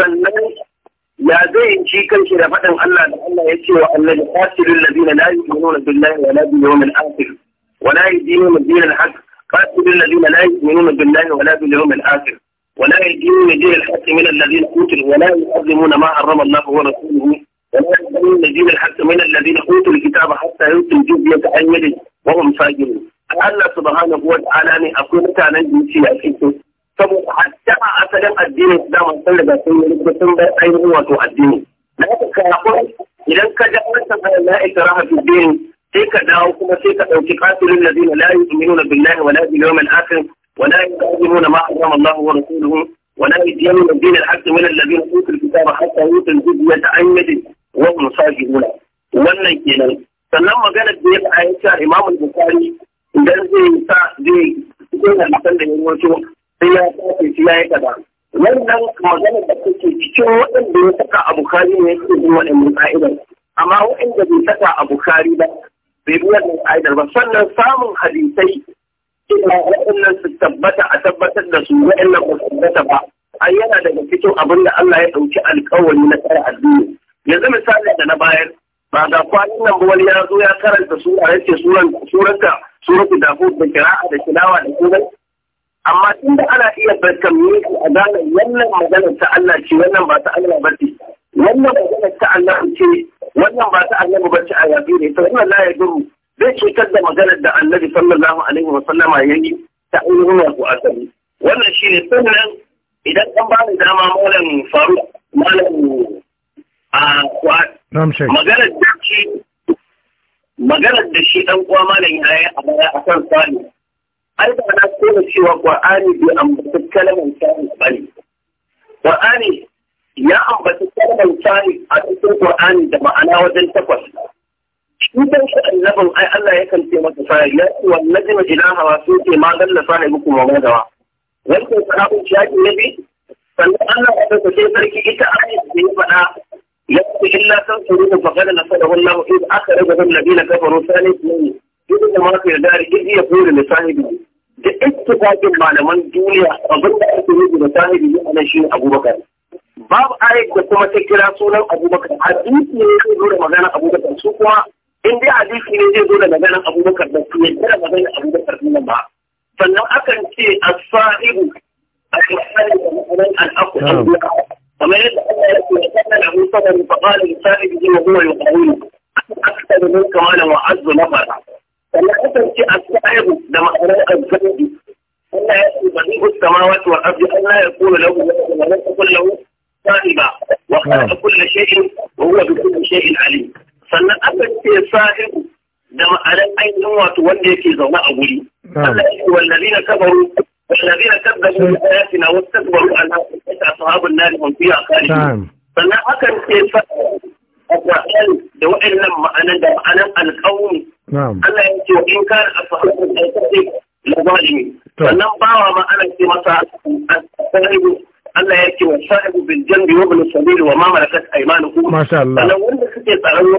sannan ya zai ci kanshi da faɗin Allah da Allah ya ce wa Allah da qatilul ladina la yu'minuna billahi wa la bil yawmil akhir wa la yudinuna din haqq qatilul ladina la yu'minuna billahi wa la bil yawmil akhir wa la yudinuna din haqq min alladhina qutilu wa la yu'adhimuna ma harrama Allah wa rasuluhu ولا يؤمنون دين الحق من الذين اوتوا الكتاب حتى يؤتوا الجزيه عن يد وهم ساجدون الله سبحانه وتعالى ne akwai mutanen da yake a cikin saboda hatta asalin addinin da mun san daga sun yi sun bar ainihin wato addini da haka kafin idan ka ja wannan sanar la ikraha fi din sai ka dawo kuma sai ka dauki kafirul ladina la yu'minuna billahi wala bil yawmil akhir wala yu'minuna ma harrama Allah wa rasuluhu ولا يدين الدين الحق من الذين اوتوا الكتاب حتى يؤتوا الجزيه عن يد وهم صاغرون wannan kenan sannan maganar da ya faɗa ya ce imamu bukari idan zai sa zai cikin hadisan da ya rawaito sai ya kafe shi ya yi kaza wannan magana da kake cikin waɗanda ya saka a bukari ne yake bin waɗannan ƙa'idar. amma waɗanda bai saka a bukari ba bai bi wannan ƙa'idar ba sannan samun hadisai ina waɗannan su tabbata a tabbatar da su waɗannan ba su tabbata ba ai yana daga cikin abin da Allah ya ɗauki alƙawari na tsara addini yanzu misali da na bayar ba ga kwanan nan ba wani ya zo ya karanta sura yace suran suranta suratu dafud da kira'a da tilawa da amma inda ana iya barkan ku a gane wannan magana ta Allah ce wannan ba ta Allah ba ce wannan magana ta Allah ce wannan ba ta Allah ba ce a yabi ne to wannan ya duru zai cutar da maganar da Annabi sallallahu alaihi wa sallama yi ta ainihin ku asali wannan shine sannan idan an ba mu dama malam faru malam a kwa maganar da shi maganar da shi dan uwa malam yayi a baya akan sani ai ba na kona cewa qur'ani bai ambaci kalmar tsari ba ne qur'ani ya ambaci kalaman tsari a cikin qur'ani da ma'ana wajen takwas shi ta shi annabin ai Allah ya kan ce masa sai ya wallahi gida ilaha wa su ce ma dan da sai muku mamu dawa wai ko ka ku ya ji nabi sannan Allah ya ce sai sarki ita ai da ya faɗa. ya ce illa san suru da fagar na sai da wallahi aka rubuta nabi na kafaro sai ne ne duk da ma ka yarda da ya fure da sahibi da ittifaqin malaman duniya abin da ake yi da sahibi ne anan shi Abubakar babu ayat da kuma ta kira sunan Abubakar hadisi ne zai zo da magana Abubakar su kuma in dai hadisi ne zai zo da magana Abubakar da su kira magana Abubakar ne ba sannan akan ce as-sahibu as da ma'anan a a kamar yadda Allah ya ce wa sannan kasance a sa'ibu da ma'anar alfahari Allah ya ce bani gusta ma wasu wa abdi Allah ya kula lahu wa lam takul lahu sa'iba wa khalaqa kulla shay'in wa huwa bi kulli shay'in alim sannan akan ce sa'ibu da ma'anar ainihin wato wanda yake zaune a guri Allah ya ce wallazina kafaru والذين كذبوا بآياتنا واستكبروا عن أصحاب النار هم فيها خالدون sannan akan ce fa'a da wa'annan ma'anan da ma'anan alƙawun نعم الا ان كان طيب. فنن باوا ما انا في مساء الصائب الله يكي بالجنب وابن السبيل وما ملكت ايمانكم ما شاء الله فنن وين إيه، إيه. كنت يتعلم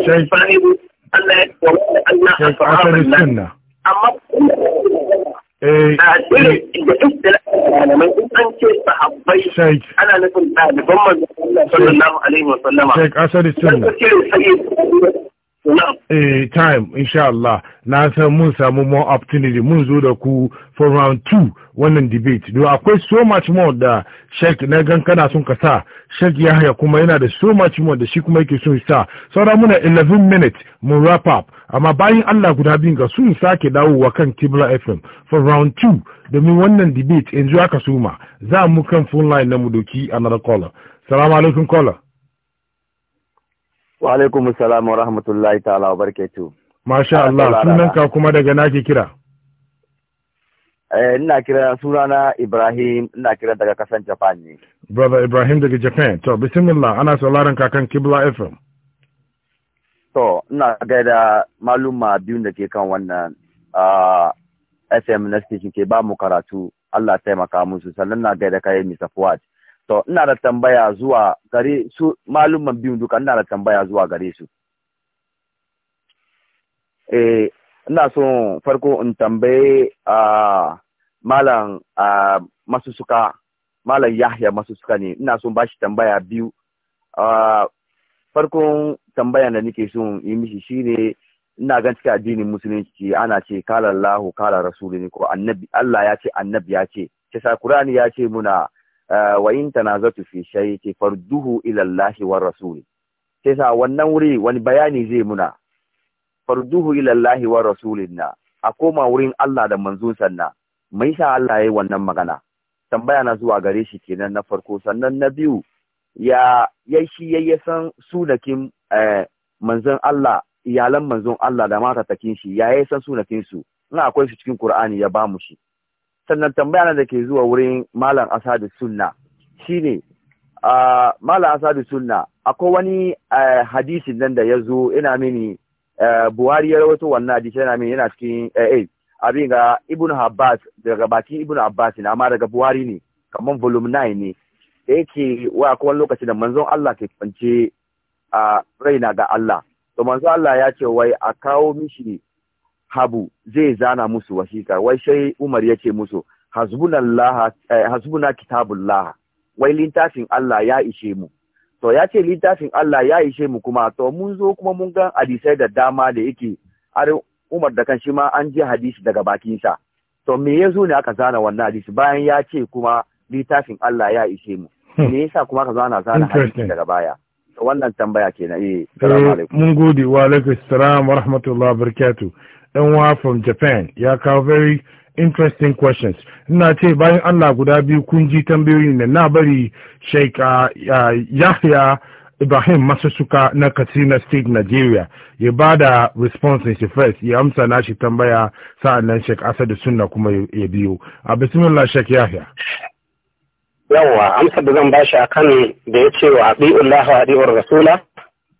الصائب الله يكي وانا اصحاب اما ايه ايه ايه ايه ايه ايه ايه ايه ايه Eh, time insha Allah na san mun samu more opportunity mun zo da ku for round 2 wannan debate do akwai so much more da Sheikh na gan kana sun ka sa Sheikh Yahya kuma yana da so much more da shi kuma yake sun sa sauran muna 11 minutes mun wrap up amma bayan Allah guda biyu ga sun sake dawowa kan Kibla FM for round 2 domin wannan debate yanzu aka suma za mu kan phone line na mu doki another caller salamu alaikum caller Wa alaikum salam wa rahmatullahi ta'ala wa barakatuh. Masha ah, Allah, sunanka kuma daga naki kira. Eh, ina kira sunana Ibrahim ina kira daga kasan Japan ne. Brother Ibrahim daga Japan. To bismillah ana sauraron kakan Kibla FM. To ina gaida maluma biyu da ke kan wannan ah, FM na station ke ba mu karatu Allah taimaka musu sannan na gaida kai Mr. Fuad to ina da tambaya zuwa gare su malumman biyun duka ina da tambaya zuwa gare su eh ina so farko in tambaye a malam a masu malam Yahya masu suka ne ina so bashi tambaya biyu a farkon tambayan da nake so yi mishi ne ina gan cikin addinin musulunci ana ce kala Allahu kala rasulini ko annabi Allah ya ce annabi ya ce ya ce muna Eh, wa in tanazatu fi shay ce farduhu ila wa rasul sai sa wannan wuri wani bayani zai muna farduhu ila Allah wa rasulina a koma wurin Allah da manzon sanna mai sa Allah yayi wannan magana tambaya na zuwa gare shi kenan na farko sannan na biyu ya ya shi ya san sunakin eh, manzon Allah iyalan manzon Allah da mata takin shi ya yi san sunakin su in akwai su cikin Qur'ani ya bamu shi sannan tambaya na da ke zuwa wurin malam asadu sunna shine uh, malam asadu sunna akwai wani hadisi hadisin nan da ya zo ina mini uh, buhari ya rawaito wannan hadisi yana mini yana cikin eh, eh abin ga ibn abbas daga bakin ibn abbas na amma daga buhari ne kamar volume 9 ne da yake wa akwai lokaci da manzon allah ke kwance a raina ga allah to manzon allah ya ce wai a kawo mishi habu zai zana musu wasiƙa wai sai Umar ya ce musu eh, hasbuna kitabun laha wai littafin Allah ya ishe mu to ya ce littafin Allah ya ishe mu kuma to mun zo kuma mun ga hadisai da dama da yake har Umar da kan shi ma an ji hadisi daga sa to me ya zo ne aka zana wannan hadisi bayan ya ce kuma littafin Allah ya ishe mu hmm. me yasa kuma aka zana zana hadisi daga baya wannan tambaya kenan eh, eh mun gode wa alaikum assalam wa rahmatullahi wa barakatuh ɗanwa from Japan ya kawo very interesting questions. Ina ce bayan Allah guda biyu kun ji tambayoyin da na bari Sheikh ah, ah, Yahya Ibrahim Masusuka na Katsina State, Nigeria, ya ba da response shi first, ya amsa na shi tambaya sa'an nan Sheikh Asadu Sunna kuma ya biyo. A ah, bismillah Sheikh Yahya. Yawwa, amsa da zan bashi akan da ya ce wa Abi'ullah wa Abi'ur Rasula,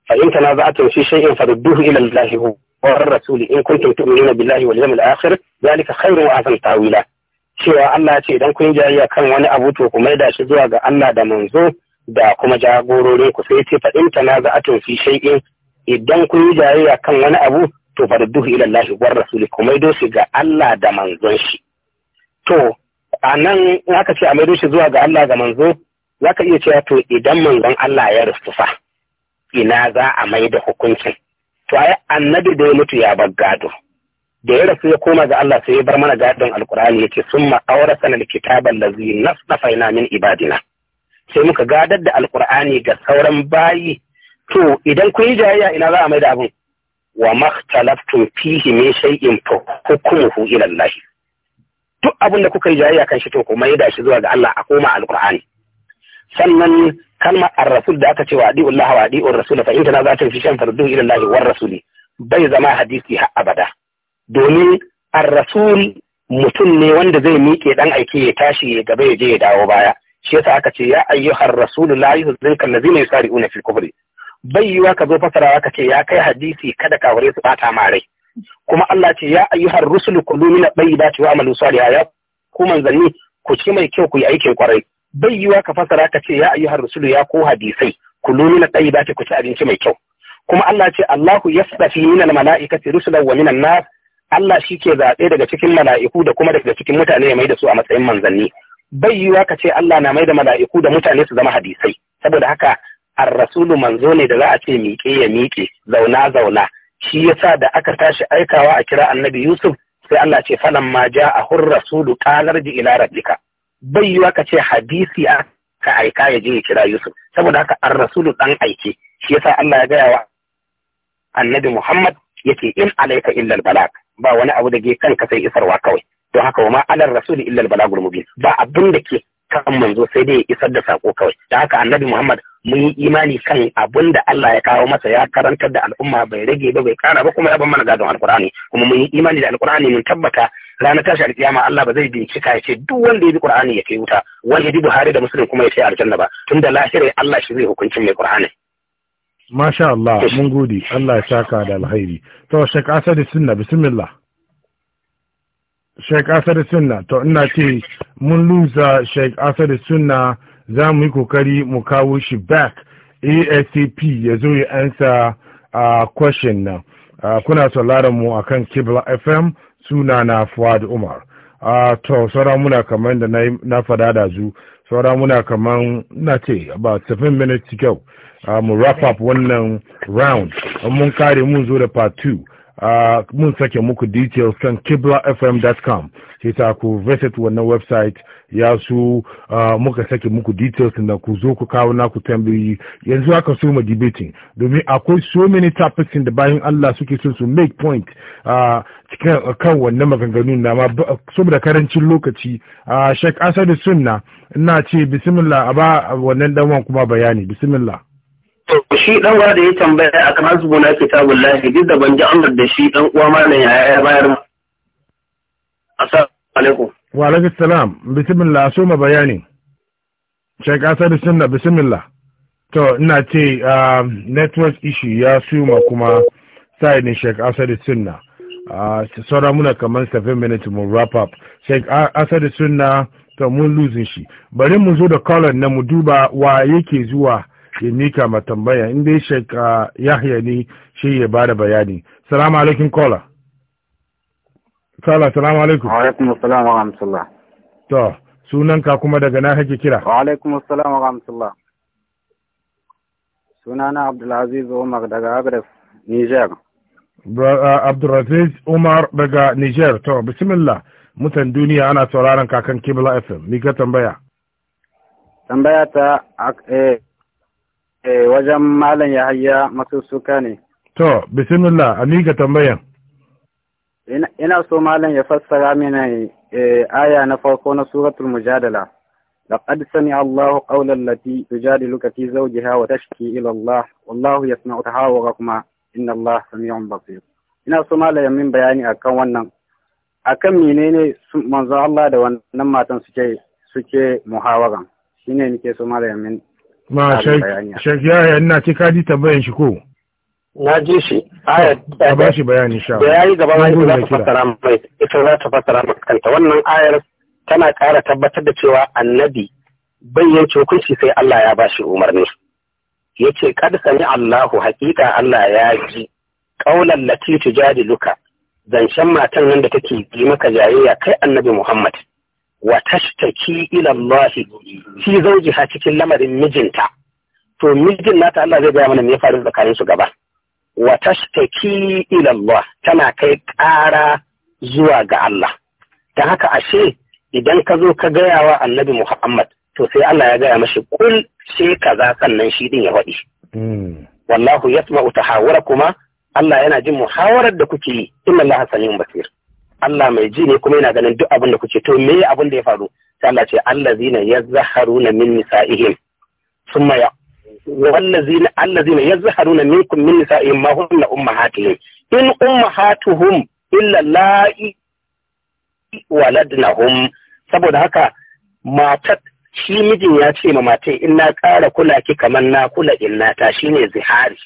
fa in tanaza'atum fi shay'in farudduhu ila Allah والرسول إن كنتم تؤمنون بالله واليوم الآخر ذلك خير وأحسن تأويلا cewa Allah ce idan kun jayayya kan wani abu to ku maida shi zuwa ga Allah da manzo da kuma jagororin ku sai ce fa in tanaza'atun fi shay'in idan kun yi jayayya kan wani abu to duhu ila Allah war rasuli ku maido shi ga Allah da manzon shi to anan in aka ce a maido shi zuwa ga Allah da manzo zaka iya cewa to idan manzon Allah ya rusufa ina za a maida hukuncin to ai annabi da ya mutu ya bar gado da ya rasu ya koma ga Allah sai ya bar mana gadon alkur'ani yake summa awrasana alkitaba allazi nasnafaina min ibadina sai muka gadar da alkur'ani ga sauran bayi to idan kun yi jayayya ina za a mai da abin wa makhtalaftum fihi min shay'in fa hukmuhu ila Allah duk abin da kuka yi jayayya kan shi to ku mai da shi zuwa ga Allah a koma alkur'ani sannan kalma ar-rasul da aka ce wa adi lahi wa adi'ur rasul fa in tanaza'tum fi shan farudduhu ila allahi war rasuli bai zama hadisi har abada domin ar-rasul mutum ne wanda zai miƙe dan aiki ya tashi ya gaba ya je ya dawo baya shi yasa aka ce ya ayyuhar rasulu la mai allazina yusari'una fil kufri bai yiwa ka zo fasarawa ka ce ya kai hadisi kada ka kaware su bata ma rai kuma Allah ce ya ayyuhar rusulu kulu min at yi wa amalu salihah ya ku manzanni ku ci mai kyau ku yi aikin kwarai bai yiwa ka fasara ka ce ya ayyuhar rasulu ya ko hadisai ku na tsayi ba ku ci abinci mai kyau kuma Allah ce Allahu yasdafi minal mala'ikati rusulan wa minan nas Allah shi ke zaɓe daga cikin mala'iku da kuma daga cikin mutane ya mai su a matsayin manzanni bai yiwa ka ce Allah na mai da mala'iku da mutane su zama hadisai saboda haka ar-rasulu manzo ne da za a ce miƙe ya miƙe zauna zauna shi yasa da aka tashi aikawa a kira annabi Yusuf sai Allah ce falan ma ja a rasulu qalar ji ila rabbika bai yiwa ka ce hadisi a ka aika ya je ya kira Yusuf saboda haka ar rasulu dan aike shi yasa Allah ya gaya wa annabi Muhammad yake in alaika illa al balag ba wani abu da ke kanka sai isarwa kawai don haka wa ma alar rasuli illa al balagul mubin ba abin da ke kan manzo sai dai ya isar da sako kawai da haka annabi muhammad mun yi imani kan abun da Allah ya kawo masa ya karantar da al'umma bai rage ba bai kara ba kuma ya ban mana gadon alkur'ani kuma mun yi imani da alkur'ani mun tabbata ranar tashi alkiyama Allah ba zai bincika ya ce duk wanda ya bi kur'ani ya kai wuta wanda ya bi buhari da muslim kuma ya ce aljanna ba tunda lahira Allah shi zai hukuncin mai qur'ani masha Allah mun gode Allah ya saka da alkhairi to shek asadi sunna bismillah sheikh asar sunna to ina ce mun lusa Sheikh asar sunna za mu yi kokari mu kawo shi back ascp ya zo ya ansa a question na kuna sauraron mu akan kibla fm suna na fuad umar a to saura muna kamar da na fada da zu saura muna kamar na ce about 7 minutes to go mu wrap up wannan round mun kare mun zo da part 2 Uh, mun sake muku details kan kiblafm.com sai ta ku visit wannan website ya su uh, muka sake muku details na ku zo ku kawo naku tambayi yanzu haka su ma debating domin akwai so many topics da bayan Allah suke so su make point uh, cikin kan wannan maganganun na ma saboda karancin lokaci Sheikh Asadu Sunna ina ce bismillah a ba wannan dan kuma bayani bismillah shi dan uwa da ya tambaya na hasbuna kitabullahi duk da ban ji amsar da shi dan uwa ma na ya ya bayar assalamu alaikum wa alaikum salam bismillah so ma bayani Sheikh da Sunna bismillah to ina ce um, network issue ya suma kuma side ne Sheikh suna Sunna uh, saura muna kamar 7 minutes mun wrap up Sheikh Asad Sunna to mun losing shi bari mu zo da caller na mu duba wa yake zuwa ya mika ma tambaya in dai shek ah, yahya ne shi ya bada bayani salamu alaikum kola sala salamu alaikum wa alaikum assalam wa rahmatullah to sunan ka kuma daga na kake kira wa alaikum assalam wa rahmatullah sunana abdulaziz umar daga agres niger ah, abdulaziz umar daga niger to bismillah mutan duniya ana sauraron kakan kibla fm ni ka tambaya tambaya ta eh Eh, wajen Malam Yahaya masussuka ne. To, bismillah, ali ga tambayan. Ina so Malam ya fassara mina eh, aya na farko na suratul mujadala. لقد سمع الله قول التي تجادلك في زوجها وتشكي إلى الله والله يسمع Inna Allah الله سميع basir. ina so malamin min bayani akan wannan akan menene manzo Allah da wannan matan suke suke Shi shine nike so malamin ma shek yi ina ce ka ji tambayan shi ko na ji shi aya ba shi bayani sha yi gaba ma ita za ta fassara mai ita za ta fassara kanta wannan ayar tana ƙara tabbatar da cewa annabi bai yanke hukunci sai Allah ya ba shi umarni ce, kada sami Allahu hakika Allah ya ji qaulan lati Luka zancen matan nan da take yi maka jayayya kai annabi Muhammad wa tashtaki ila Allah zauji ha cikin lamarin mijinta to mijin nata Allah zai gaya mana me ya faru tsakanin su gaba wa tashtaki ila Allah tana kai ƙara zuwa ga Allah dan haka ashe idan ka zo ka gaya wa Annabi Muhammad to sai Allah ya gaya mashi kul sai kaza sannan shi din ya faɗi hmm. wallahu yasma'u tahawurakuma Allah yana jin muhawarar da kuke yi inna Allah basir Allah mai ji ne kuma yana ganin duk abin da kuke to me abin da ya faru sai Allah ce allazina yazharuna min nisaihim thumma ya wallazina allazina yazharuna minkum min nisaihim ma hunna ummahatuhum in ummahatuhum illa la'i waladnahum saboda haka matat shi mijin ya ce ma matai in na kara kula ki kamar na kula ta shine zihari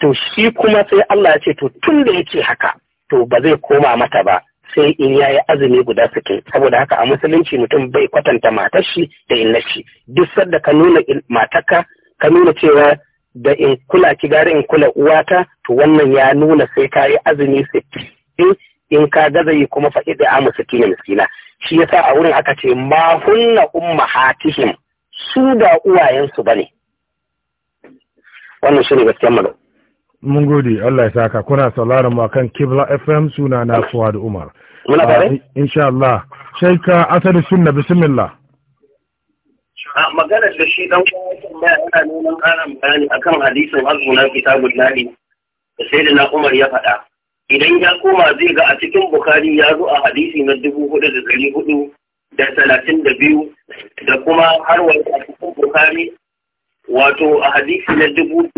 to shi kuma sai Allah ya ce to tun da yake haka to ba zai koma mata ba sai in ya yi azumi guda sittin saboda haka a musulunci mutum bai kwatanta matar shi da lashi. duk sadda ka nuna matarka ka nuna cewa da in kula ki gari in kula uwata to wannan ya nuna sai ka yi azumi sittin in ka gaza yi kuma fa idda amu sittin miskina shi yasa a wurin aka ce ma hunna ummahatihim su da uwayensu bane wannan ne gaskiyar magana mun gode Allah ya saka kuna sauraron mu akan Kibla FM suna na Fuad Umar muna tare ah, insha Allah sai ka asali sunna bismillah a ah, magana da shi dan kuma yana neman karin bayani akan hadisin azuna kitabul sai da sayyidina Umar ya faɗa idan ya koma zai ga a cikin Bukhari ya zo a hadisi na 4432 da 32 da kuma har wani a cikin Bukhari wato a hadisi na dubu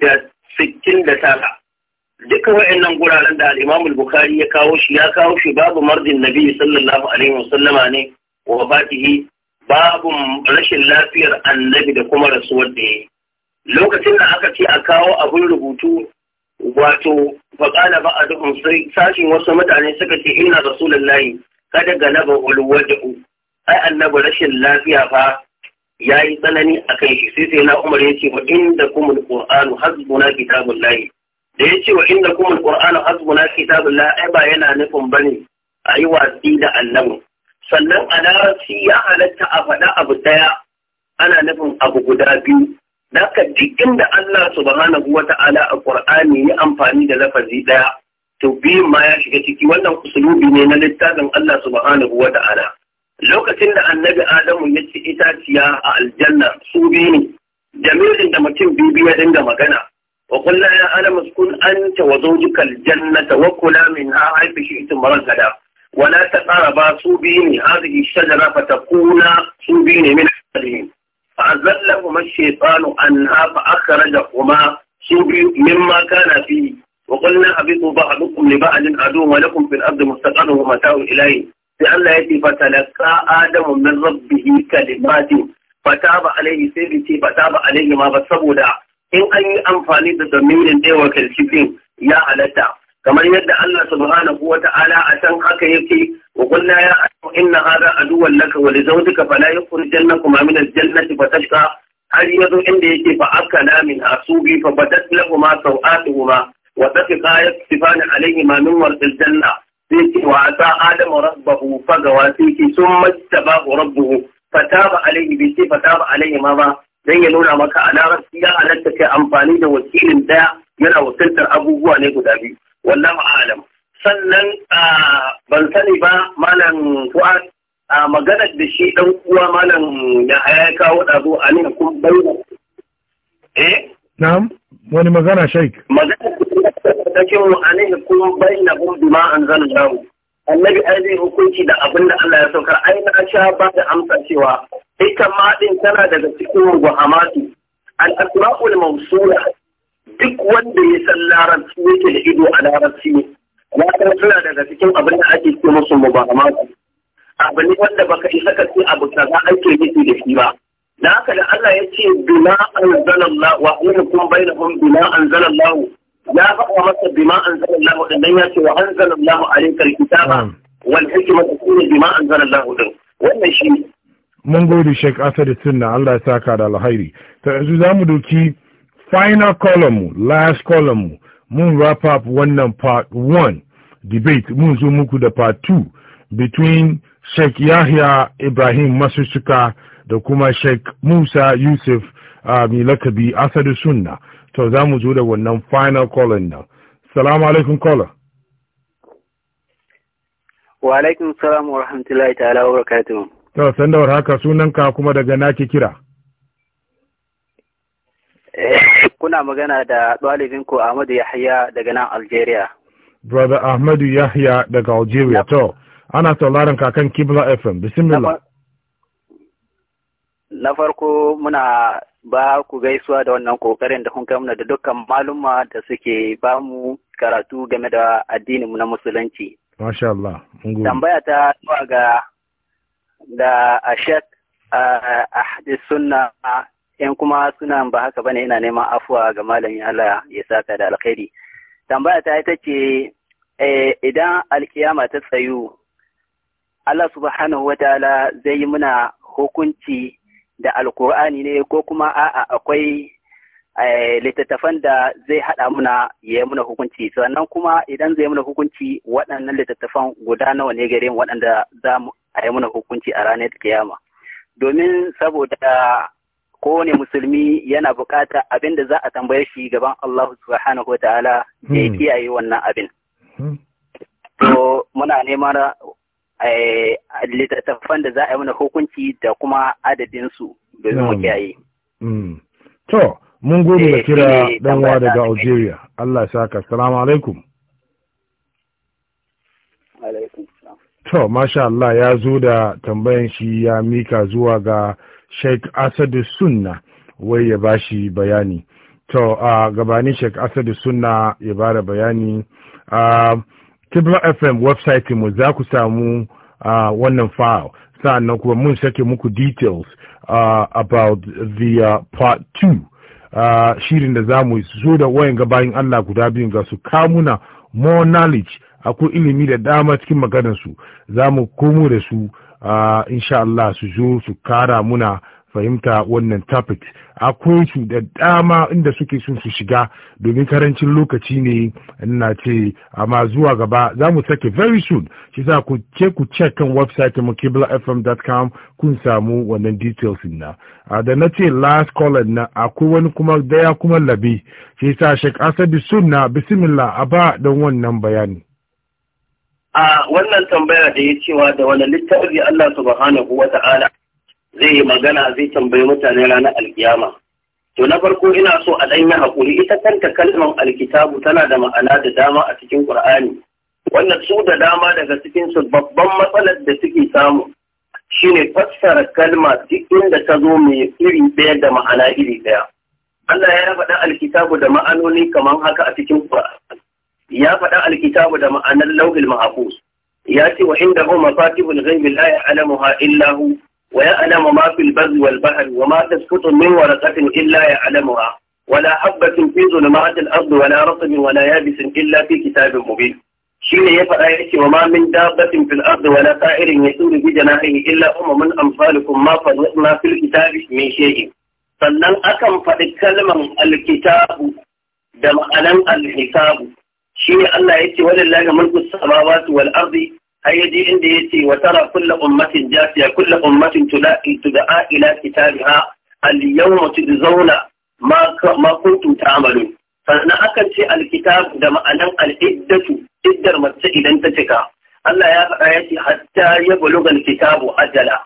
da sittin da tara duka wa'annan guraren da al'imamul bukhari ya kawo shi ya kawo shi babu mardin nabi sallallahu alaihi wasallama ne wa fatihi babu rashin lafiyar annabi da kuma rasuwar da ya lokacin da aka ce a kawo abin rubutu wato faƙala ba a duhun sashin wasu mutane suka ce ina rasulullahi kada ga naba ulwadu ai annabi rashin lafiya fa ya yi tsanani a kan shi sai sai na umar ya ce wa inda kuma alƙur'anu hasbuna kitabun layi da ya ce wa inda kuma alƙur'anu hasbuna kitabun layi ai ba yana nufin ba ne a yi watsi da annabi sannan a ya halatta a faɗa abu ɗaya ana nufin abu guda biyu da haka duk inda Allah subhanahu wa ta'ala a Qur'ani ya amfani da lafazi ɗaya to biyun ma ya shiga ciki wannan usulubi ne na littafin Allah subhanahu wa ta'ala lokacin da annabi adamu ya ci itaciya a aljanna su biyu ne jami'in da mutum biyu ya dinga magana wa kullu ya adamu kun anta wa zawjuka aljannata wa kula minha haythu shi'tum maragada wa la taqaraba su biyu ne hadhihi shajara fatakuna su biyu ne min al-jannah فأزلهما الشيطان عنها فأخرجهما مما كان فيه وقلنا أبيتوا بعضكم لبعض عدو ولكم في الأرض مستقر ومتاع إليه sai Allah ya ce fatalaka adamu min rabbihi kalimatin ba alaihi sai da ce fataba alaihi ma ba saboda in an yi amfani da domirin ɗaya wakilci din ya halatta kamar yadda Allah subhanahu wa ta'ala a can haka yake wa qulna ya adamu inna hadha aduwwan laka wa li zawjika fala yukhrijannakuma min al-jannati fatashqa har yanzu inda yake fa akala min asubi fa badat lahumu sawatuhuma wa tafiqa Alayhi ma min warqil janna sai ce wa ata adamu rabbahu fagawa sai ce sun majtaba rabbuhu fataba alaihi bai ce fataba alaihi ma ba dan ya nuna maka a ya halatta kai amfani da wakilin daya yana wakiltar abubuwa ne guda biyu wallahu a'lam sannan ban sani ba malam fuad a maganar da shi dan uwa malam ya haya kawo dazo a ne kun bai eh na'am wani magana shaik magana sakin mu an hukum bainahum bima anzalallahu annabi ai zai hukunci da abin da Allah ya saukar ai na sha ba da amsa cewa ita ma din tana daga cikin ruhamatu al asma'ul mawsula duk wanda ya san larabci yake da ido a larabci ya san suna daga cikin abin da ake ce musu mubahamatu abu ne wanda baka isa ka ce abu kaza ake nufi da shi ba da haka da Allah ya ce bima anzalallahu wa hukum bainahum bima anzalallahu ya faɗa masa bima anzala Allah din nan ya ce wa an anzala Allah alayka alkitaba wal hikmata kullu bima anzala Allah din wannan shi mun gode Sheikh Asad Sunna Allah ya saka da alhairi to yanzu zamu doki final column last column mun wrap up wannan part 1 debate mun zo muku da part 2 between Sheikh Yahya Ibrahim Masusuka da kuma Sheikh Musa Yusuf mai lakabi asadu sunna to za mu zo da wannan final calling nan salamu alaikum caller wa alaikum salam wa rahmatullahi ta'ala wa barakatuhu to san da sunan sunanka kuma daga naki kira eh, kuna magana da ɗalibin ku Ahmadu Yahya daga nan Algeria brother Ahmadu Yahya daga Algeria to ana sauraron kakan Kibla FM bismillah na farko muna ba ku gaisuwa da wannan kokarin da kuka muna da dukkan maluma da suke ba mu karatu game da addininmu na musulunci. Masha Allah, Tambaya ta zuwa ga da Ashek Ahdi Sunna in kuma suna ba haka bane ina neman afuwa ga malamin Allah ya saka da alkhairi. Tambaya ta ita ce eh, idan alkiyama ta tsayu Allah subhanahu wa ta'ala zai yi muna hukunci da alkur'ani ne ko kuma a'a akwai eh, littattafan da zai haɗa muna ya muna hukunci sannan kuma idan zai muna hukunci waɗannan littattafan guda nawa ne gare mu waɗanda za mu a yi muna hukunci a ranar kiyama domin saboda kowane musulmi yana bukata abin da za a tambaye shi gaban Allah subhanahu wa ta'ala ya hmm. kiyaye wannan abin. Hmm. To muna neman Eh, littattafan da za a yi mana hukunci da kuma adadinsu da mu kiyaye. Mm. To, mun gode eh, da kira danwa daga Algeria. Allah ya saka. Salamu alaikum. To, masha Allah ya zo da tambayan shi ya mika zuwa ga Sheikh Asadu Sunna wai ya ba shi bayani. To, a gabanin Sheikh Asadu Sunna ya bada bayani. Uh, Kibra FM website mu za ku samu uh, wannan file sannan kuma mun sake muku details uh, about the uh, part 2 uh, shirin da za mu zo da wayan bayan Allah guda biyun ga su kamuna more knowledge akwai ilimi da dama cikin maganarsu za mu komo da su uh, insha Allah su zo su kara muna fahimta wannan topic akwai su da dama inda suke sun su shiga domin karancin lokaci ne ina ce amma zuwa gaba za mu sake very soon shi za ku ce ku check kan website mu kiblafm.com kun samu wannan details na da na ce last caller na akwai wani kuma daya kuma labi shi sa shek asadi sunna bismillah a ba don wannan bayani a wannan tambaya da ya cewa da wani littafi Allah subhanahu wa ta'ala zai yi magana zai tambayi mutane ranar alkiyama to na farko ina so a ɗanyi haƙuri ita kanta kalmar alkitabu tana da ma'ana da dama a cikin ƙur'ani wanda su da dama daga cikin su babban matsalar da suke samu shine fassara kalma duk inda ta zo mai iri ɗaya da ma'ana iri ɗaya Allah ya faɗa alkitabu da ma'anoni kamar haka a cikin ƙur'ani ya faɗa alkitabu da ma'anar lauhil mahfuz ya ce wa inda hu mafatihul ghaibi la ya'lamuha illa hu ويعلم ما في البر والبحر وما تسقط من ورقة إلا يعلمها ولا حبة في ظلمات الأرض ولا رطب ولا يابس إلا في كتاب مبين شين يفعل يأتي وما من دابة في الأرض ولا طائر يسور بجناحه إلا أمم أمثالكم ما فرقنا في الكتاب من شيء sannan akan faɗi kalman alkitabu da ma'anan alhisabu shi ne Allah ya ce walillahi mulku samawati wal ardi ai yaji inda yace wa tara kullu ummatin jasiya kullu ummatin tulaqi tud'a ila kitabiha al-yawma tujzauna ma ma ta ta'malun sannan akan ce alkitab da ma'anan al'iddatu iddar mace idan ta cika Allah ya faɗa ya ce hatta ya buluga kitabu ajala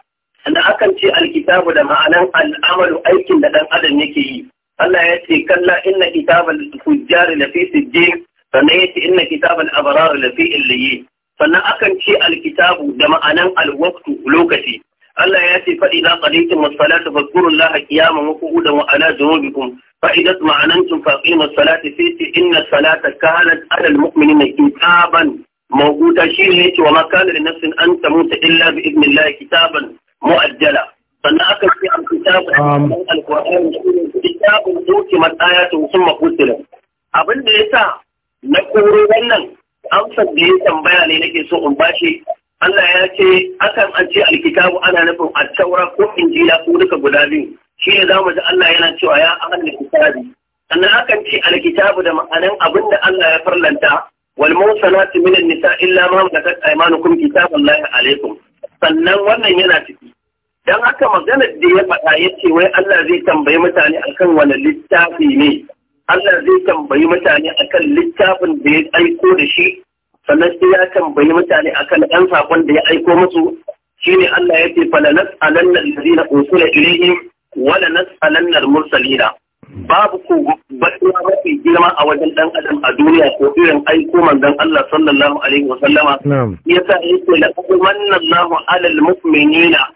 sannan akan ce alkitabu da ma'anan al'amalu aikin da ɗan adam yake yi Allah ya ce kalla inna kitabal fujjar lafi sijjin sannan ya ce inna kitabal abrar lafi illiyin sannan akan ce alkitabu da ma'anan alwaktu lokaci Allah ya ce faɗi za qadaytum as-salata fadhkurullaha qiyaman wa da wa ala junubikum fa idza ma'anantum faqimu as sai fi inna as-salata kanat 'ala al-mu'minina kitaban mawquta shi ne yace wa ma kana li nafsin an tamuta illa bi idnillahi kitaban mu'ajjala sannan aka ce an kitabu al-qur'an kitabun doki matsaya to sun maqutila abin da ya sa na koro wannan amsar da ya tambaya ne nake so in bashi Allah ya ce akan an ce alkitabu ana nufin attaura ko injila ko duka guda biyu shi ne za mu ji Allah yana cewa ya ahal kitabi sannan akan ce alkitabu da ma'anin abin da Allah ya farlanta wal mawsanatu min nisa illa ma malakat aymanukum kitaballahi alaikum sannan wannan yana ciki dan haka maganar da ya faɗa yace wai Allah zai tambayi mutane akan wani littafi ne Allah zai tambayi mutane akan littafin da ya aiko da shi sannan sai ya tambayi mutane akan ɗan saƙon da ya aiko musu shine Allah ya ce fala nas'alanna alladhina usila ilayhim wala nas'alanna al-mursalina babu ko batuwa mafi girma a wajen ɗan adam a duniya ko irin aiko manzon Allah sallallahu alaihi wa sallama yasa yake la manna Allahu ala al-mu'minina ya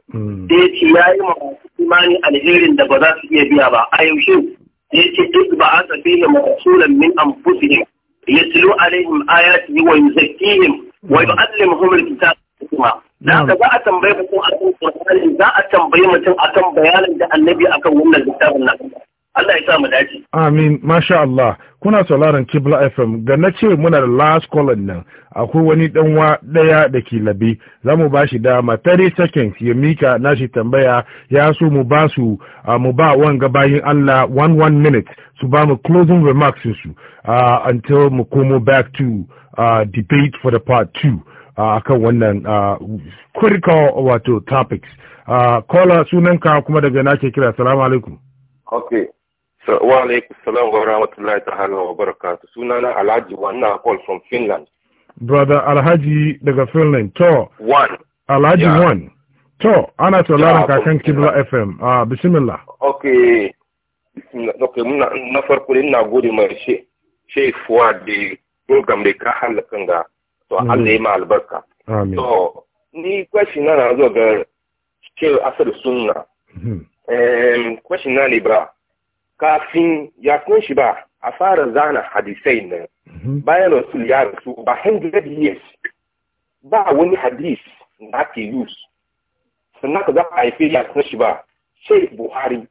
yi hmm. yayi ma imani alherin da ba za su iya biya ba a yaushe yace duk ba a safi da rasulan min ya tilo alaihim ayatihi wa yuzakkihim wa yu'allimuhum alkitaba kuma da za a tambaye mutum akan Qur'ani za a tambaye mutum akan bayanin da Annabi akan wannan littafin nan Allah ya sa mu dace amin masha Allah kuna sauraron Kibla FM ga na ce muna da last caller nan akwai wani ɗanwa ɗaya da ke labe za mu ba shi dama 30 seconds ya mika nashi tambaya ya so mu ba su mu ba wan gabayin Allah 11 minute su ba mu closing remarks su until mu komo back to debate for the part 2 a akan wannan critical wato topics kola ka kuma daga na ke kira salamu alaikum okay wa alaikum salam wa rahmatullahi ta'ala wa barakatuh sunana alhaji wannan call from finland brother alhaji daga finland to alhaji yeah. one to ana yeah, kakan kibla fm a ah, bismillah ok okay na farko ne na gode mai she she fuwa da program da ka halakan ga to mm. Allah yi ma albarka to ni kwashi na na zo ga ce asar sunna um mm-hmm. kwashi na ne ba kafin ya kun shi ba a fara zana hadisai nan mhm. bayan rasul ya rasu ba 100 years ba wani hadis da ake use sannan ka za a haife ya san shi ba sai buhari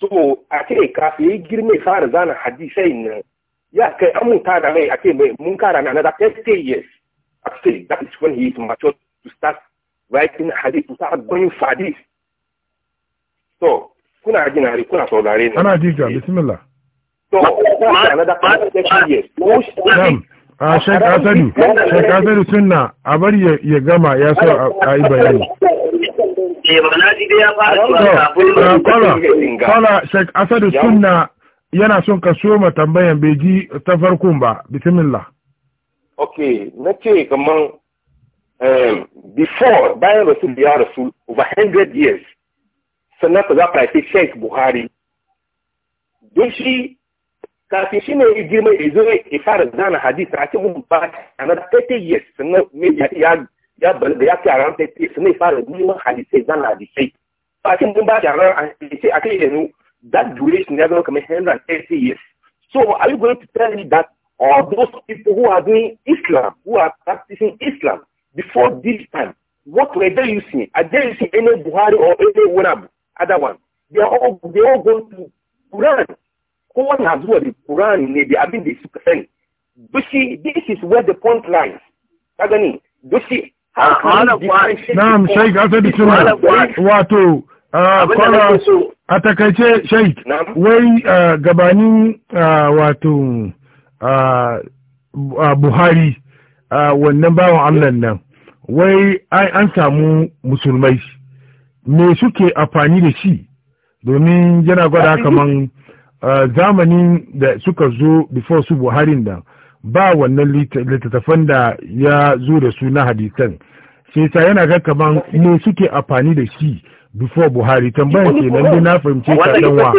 so a ce kafin ya girme fara zana hadisai nan ya kai an munta da mai a ce mai mun kara na another 30 years ce that is when he is mature to start writing hadith to start going for hadith so kuna jina kuna saurare ne ana jija bismillah So, a shek asadu shek asadu a bari ya gama ya so a yi bayani kola shek asadu suna yana son ka soma tambayan bai ji ta farkon ba bitimilla. ok na ce kamar eh, before bayan rasul ya rasul over 100 years sannan ka za ka haifi sheik buhari don shi kafin shi ne ya girma ya zo ya fara zana hadisi a cikin ba a na 30 years sannan ya ya bari da ya fi ran 30 years sannan fara neman hadisai zana hadisai ba cikin mun ba shi a ran a kai yanzu that duration ya zama kamar 130 years so are you going to tell me that all those people who are doing Islam who are practicing Islam before this time what were they using are they using any Buhari or any one other one they are all they all going to Quran kowa na zuwa da Qur'ani ne da abin da suka sani Bushi, this is where the point lies ka gani bushi, na'am shaik asadi suna wato ah, kwara a takaice shaik wai ah, gabanin ah, wato buhari wannan bawan allah nan wai an samu musulmai me suke amfani da shi domin yana gwada kaman zamanin da suka zo before su buharin da ba wannan littattafan da ya zo da su na hadisan sai sa yana ga kaman ne suke amfani da shi before buhari tambayar ke nan na fahimce ka dan wa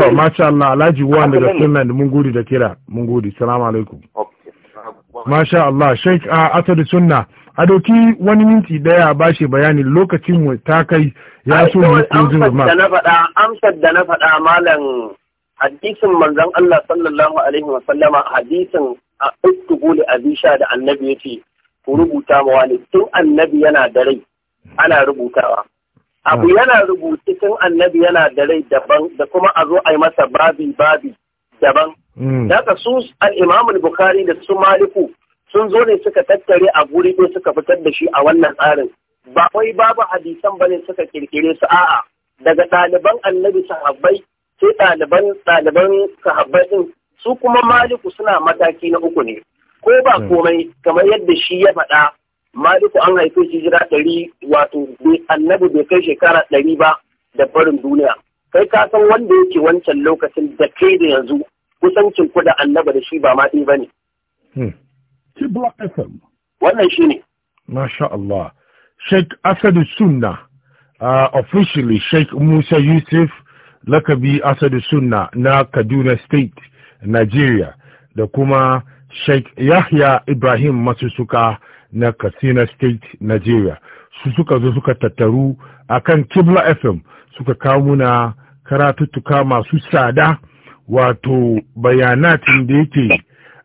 to masha Allah Alhaji wa daga Finland mun gode da kira mun gode assalamu alaikum masha Allah Sheikh Asadu Sunna a doki wani minti daya ba shi bayani lokacin mu ta kai ya so mu ko zuwa ma amsar da na faɗa malam hadisin manzon Allah sallallahu alaihi Wasallama. hadisin a uktubuli abisha da annabi yace ku rubuta ma wani tun annabi yana da rai ana rubutawa abu ah. yana rubutu tun annabi yana da rai daban da kuma a zo a yi masa babi babi daban mm. daga su al-Imam al-Bukhari da su Maliku sun zo ne suka tattare a guri ko suka fitar da shi a wannan tsarin ba wai babu hadisan bane suka kirkire su a'a daga ɗaliban annabi sahabbai sai ɗaliban ɗaliban sahabbai ɗin, su kuma maliku suna mataki na uku ne ko ba hmm. komai kamar yadda shi ya faɗa maliku an haife shi jira ɗari wato annabi bai kai shekara ɗari ba da barin duniya kai ka san wanda yake wancan lokacin da kai da yanzu kusancin ku da annabi da shi ba ma ɗi ba ne. Hmm. ci Block FM. Wannan shi ne. Masha Allah. Sheikh Asadu Sunna, uh, officially Sheikh Musa Yusuf lakabi Asadu Sunna na Kaduna State, Nigeria, da kuma Sheikh Yahya Ibrahim Masusuka na Katsina State, Nigeria. Su suka zo suka tattaru a kan Kibla FM suka kawo muna karatuttuka masu tsada wato bayanatin da yake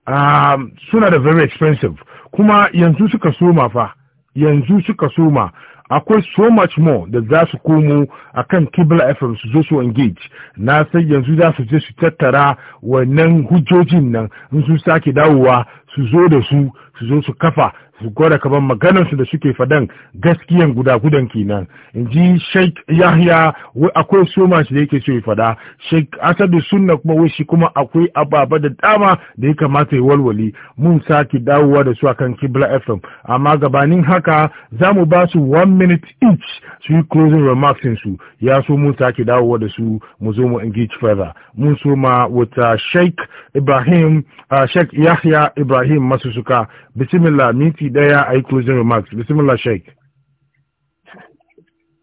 Um, suna da very expensive kuma yanzu suka soma fa yanzu suka soma akwai so much more da za su komo a kan kibla fm su zo su engage na sai yanzu za su je su tattara wannan hujjojin nan in su sake dawowa su zo da su su zo su kafa gwada kaban maganarsu da suke fadan gaskiyan guda gudan kenan in ji sheik yahya wai akwai soma shi da yake so ya fada sheik asadu sunna kuma wai shi kuma akwai ababa da dama da ya kamata ya walwali mun sake dawowa da su akan kibla fm amma gabanin haka za mu ba su one minute each su yi closing remarks su ya so mun sake dawowa da su mu zo mu engage further mun soma wata uh, sheik ibrahim uh, sheik yahya ibrahim masu suka bismillah minti daya a yi closing remarks bismillah sheik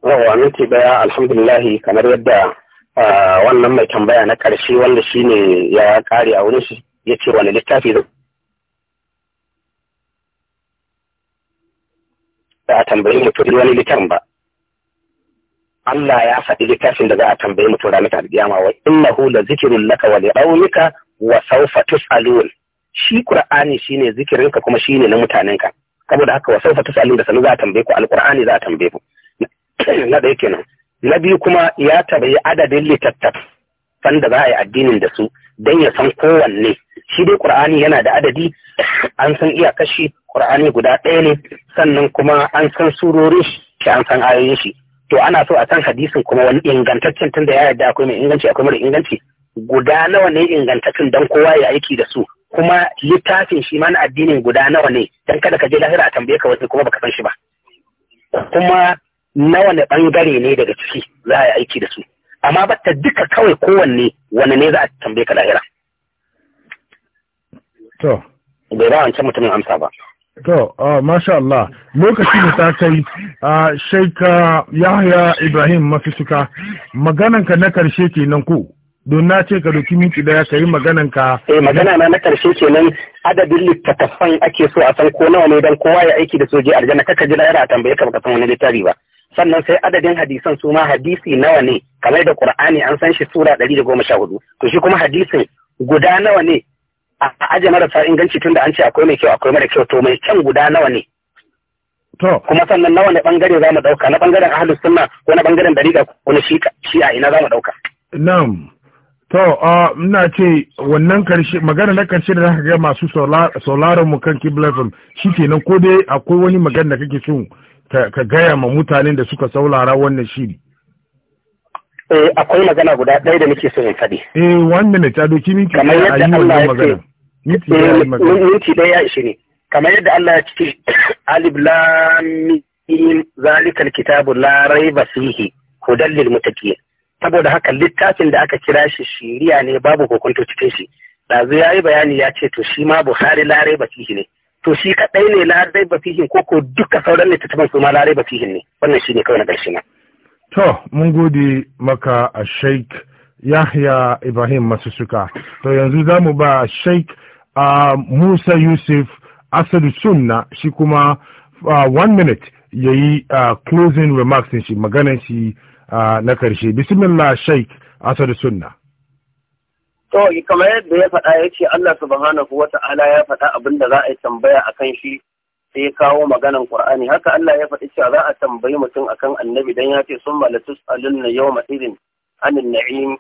yawa minti daya alhamdulillahi kamar yadda ah, wannan mai tambaya na karshe wanda shi ne ya kare a wurin shi ya ce wani littafi da a tambayi mutum wani littafin ba Allah ya faɗi littafin da za a tambayi mutum ranar alƙiyama wa innahu la zikrun laka wa li qaumika wa sawfa tus'alun shi qur'ani shine ka kuma shine na mutanenka saboda haka wasau fa tusalun da sanu za a tambaye ku alqur'ani za a tambaye ku na ɗaya nan, na biyu kuma ya tabayi adadin littattafan da za a yi addinin da su don ya san kowanne shi dai qur'ani yana da adadi an san iyakashi shi qur'ani guda ɗaya ne sannan kuma an san surorin shi an san ayoyin shi to ana so a san hadisin kuma wani ingantaccen tunda ya yarda akwai mai inganci akwai mara inganci guda nawa ne ingantaccen dan kowa ya aiki da su kuma littafin shi mana na addinin guda nawa ne dan kada ka je lahira a tambaye ka wani kuma baka san shi ba kuma nawa ne bangare ne daga ciki za a yi aiki da su amma batta duka kawai kowanne wani ne za a tambaye ka lahira to bai ba wancan mutumin amsa ba To, masha Allah, lokaci da ta kai uh, Yahya Ibrahim Mafisuka, maganan ka na karshe kenan ku. don na ce ka doki minti daya ka yi maganan ka. Eh magana na na karshe kenan adadin littattafan ake so a san ko nawa ne dan kowa ya aiki da soje aljanna kaka ji lahira a tambaye ka baka san wani littafi ba. Sannan sai adadin hadisan su ma hadisi nawa ne kamar da Qur'ani an san shi sura 114 da goma sha hudu to shi kuma hadisin guda nawa ne a aje marasa inganci tunda an ce akwai mai kyau akwai mara kyau to mai kyan guda nawa ne. To. Kuma sannan nawa ne bangare za mu ɗauka na bangaren ahlus sunna ko na bangaren dariqa ko na shi'a ina za mu ɗauka. Na'am. To, uh, ina ce wannan karshe magana na karshe da zaka ga masu sauraron mu kan ke shikenan ko dai akwai wani magana da kake so ka gaya ma mutanen da suka saurara wannan shiri. Eh akwai magana guda ɗaya da nake so in faɗi. Eh wannan ne ta doki minti kamar yadda Allah ya ce eh, minti ɗaya ya ishe ne. Kamar yadda Allah ya ce Alif Lam Mim zalikal kitabu la raiba fihi Hudallil lil muttaqin. saboda haka littafin da aka kira shi shiriya ne babu hukunta cikin shi ɗazu ya yi bayani ya ce to shi ma buhari larai ba ne to shi kaɗai ne larai ba ko ko duka sauran littattafan su ma larai ba ne wannan shi ne kawai na ƙarshe na. to mun gode maka a sheik yahya ibrahim masusuka to yanzu za mu ba sheik a musa yusuf asadu sunna shi kuma one minute ya yi closing remarks shi maganar shi na karshe bismillah Sheikh asad sunna to kamar yadda ya faɗa ya ce Allah subhanahu wa ta'ala ya faɗa abin da za a yi tambaya kan shi sai kawo maganan Qur'ani haka Allah ya faɗi cewa za a tambayi mutum akan annabi dan ya ce sun malatus alunna yawma idin anin na'im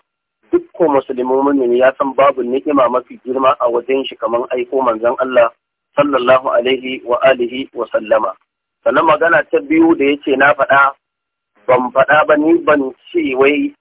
dukkan musulmi ne ya san babu ni'ima mafi girma a wajen shi kamar aiko manzon Allah sallallahu alaihi wa alihi wa sallama sannan magana ta biyu da yace na faɗa ban faɗa ba ni ban ce wai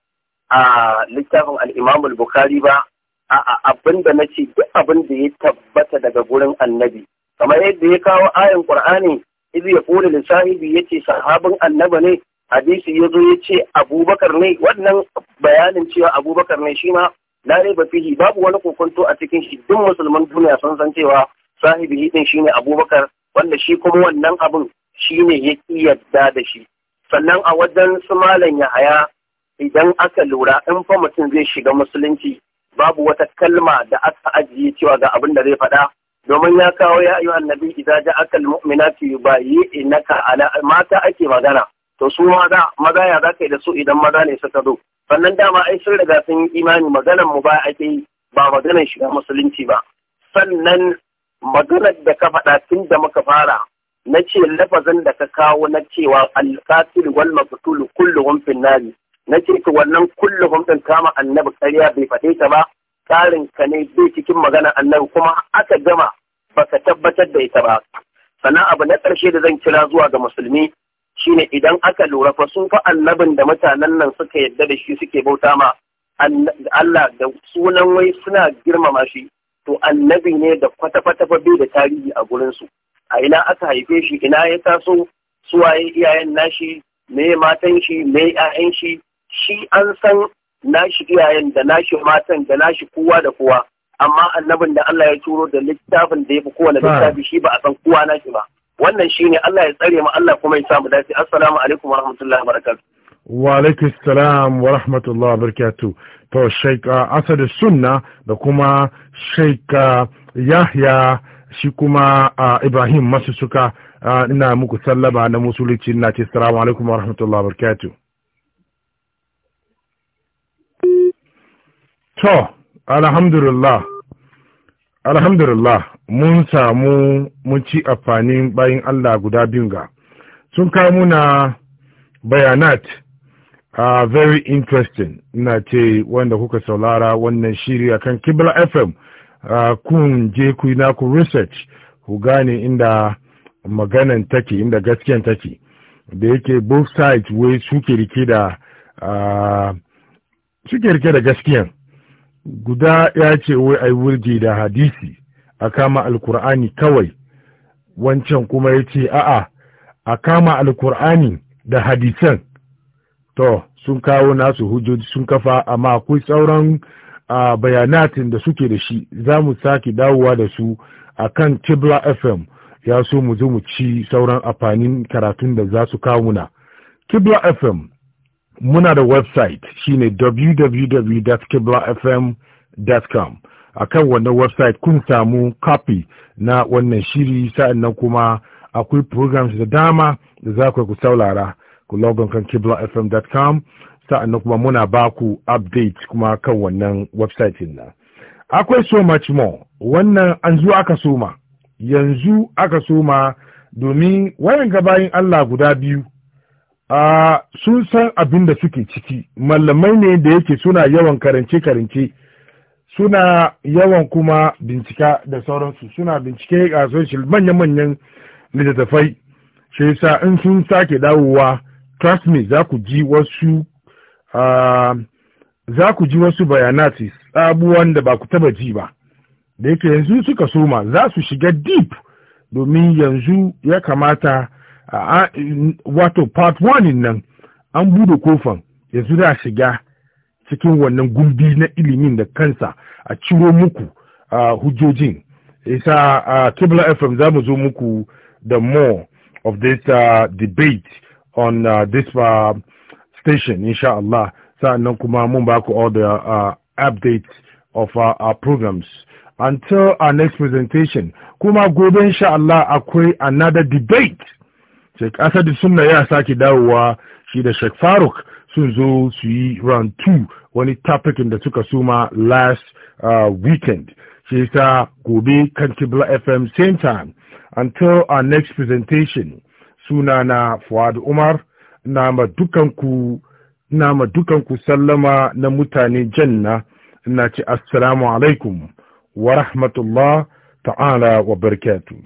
a littafin al'imamu al-bukhari ba a abin da na ce duk abin da ya tabbata daga gurin annabi kamar yadda ya kawo ayin qur'ani idu ya kula da sahibi ya ce sahabin annaba ne hadisi ya zo ya ce abubakar ne wannan bayanin cewa abubakar ne shi ma Na ne ba fihi babu wani kokonto a cikin shi duk musulman duniya sun san cewa sahibi shi ne abubakar wanda shi kuma wannan abin shi ne ya ƙi yadda da shi sannan a wajen su malam haya idan aka lura in fa mutum zai shiga musulunci babu wata kalma da aka ajiye cewa ga abin da zai faɗa domin ya kawo ya ayu annabi idan ja yi, mu'minati ka? ala mata ake magana to su maza maza ya zaka yi da su idan maza ne suka zo sannan dama ai sun riga sun yi imani maganar mu ba ake yi ba maganar shiga musulunci ba sannan maganar da ka faɗa tun da muka fara na ce lafazin da ka kawo na cewa alƙatul wal maqtul hum fin nari na ce ki wannan hum din kama annabi ƙarya bai faɗe ta ba tsarin ka ne bai cikin magana annabi kuma aka gama baka tabbatar da ita ba sannan abu na ƙarshe da zan kira zuwa ga musulmi shine idan aka lura fa sun fa annabin da mutanen nan suka yadda da shi suke bauta ma Allah da sunan wai suna girmama shi to annabi ne da kwata-kwata bai da tarihi a gurinsu. a ina aka haife shi ina ya taso suwaye iyayen nashi me matan shi me ƴaƴan shi shi an san nashi iyayen da nashi matan da nashi kowa da kowa amma annabin da Allah ya turo da littafin da ya fi kowane littafi shi ba a san kowa nashi ba wannan shine Allah ya tsare mu Allah kuma ya samu dace assalamu alaikum wa rahmatullahi wa alaikum salam wa rahmatullahi wa to sheik uh, asad sunna da kuma sheik uh, yahya shi kuma Ibrahim masu suka ina muku sallaba na musulunci na ce salamu alaikum wa rahmatullahi wa to alhamdulillah alhamdulillah mun samu mun ci amfanin bayan Allah guda biyun ga sun kawo muna bayanat uh, very interesting ina ce wanda kuka saulara wannan shiri akan kibla fm kun je ku yi naku research ku gane inda maganan take inda gaskiyan take da yake both sides wai suke rike da suke rike da gaskiyan guda ya ce wai ai wurge da hadisi a kama alkur'ani kawai wancan kuma ya ce a'a a kama alkur'ani da hadisan to sun kawo nasu hujjoji sun kafa amma akwai sauran a bayanatin da suke da shi za mu sake dawowa da su a kan kibla fm ya so mu zo mu ci sauran amfanin karatun da za su kawo muna kibla fm muna da website shine www.kiblafm.com a kan wannan website kun samu copy na wannan shiri sa'annan kuma akwai programs da dama da za ku ku saulara ku logon kan kiblafm.com sa'annan kuma muna baku update kuma kan wannan website na akwai so much more wannan an zuwa aka soma yanzu aka soma domin wayan gabayin Allah guda biyu a sun san abin da suke ciki mallamai ne da yake suna yawan karance-karance suna yawan kuma bincika da sauransu suna bincike a social manya-manyan littattafai shi yasa in sun sake dawowa trust me za ku ji wasu Um, za ku ji wasu bayanati sabuwan da ba ku taba ji ba da yake yanzu suka soma za su shiga deep domin yanzu ya kamata wato part 1 nan an bude kofan yanzu za shiga cikin wannan gumbi na ilimin da kansa a ciro muku a hujjojin isa a kibla fm za mu zo muku the more of this uh, debate on uh, this uh, station insha Allah sa'annan kuma mun ba ku all the uh, updates of our, our programs until our next presentation kuma gobe insha Allah akwai another debate Sheikh Asadu Sunna ya sake dawowa shi da Sheikh Faruk sun zo su yi round 2 wani topic da suka suma last uh, weekend shi ta gobe kan Kibla FM same time until our next presentation sunana Fuad Umar na ma dukanku sallama na mutane janna na ce assalamu alaikum wa rahmatullah ta'ala wa barakatuh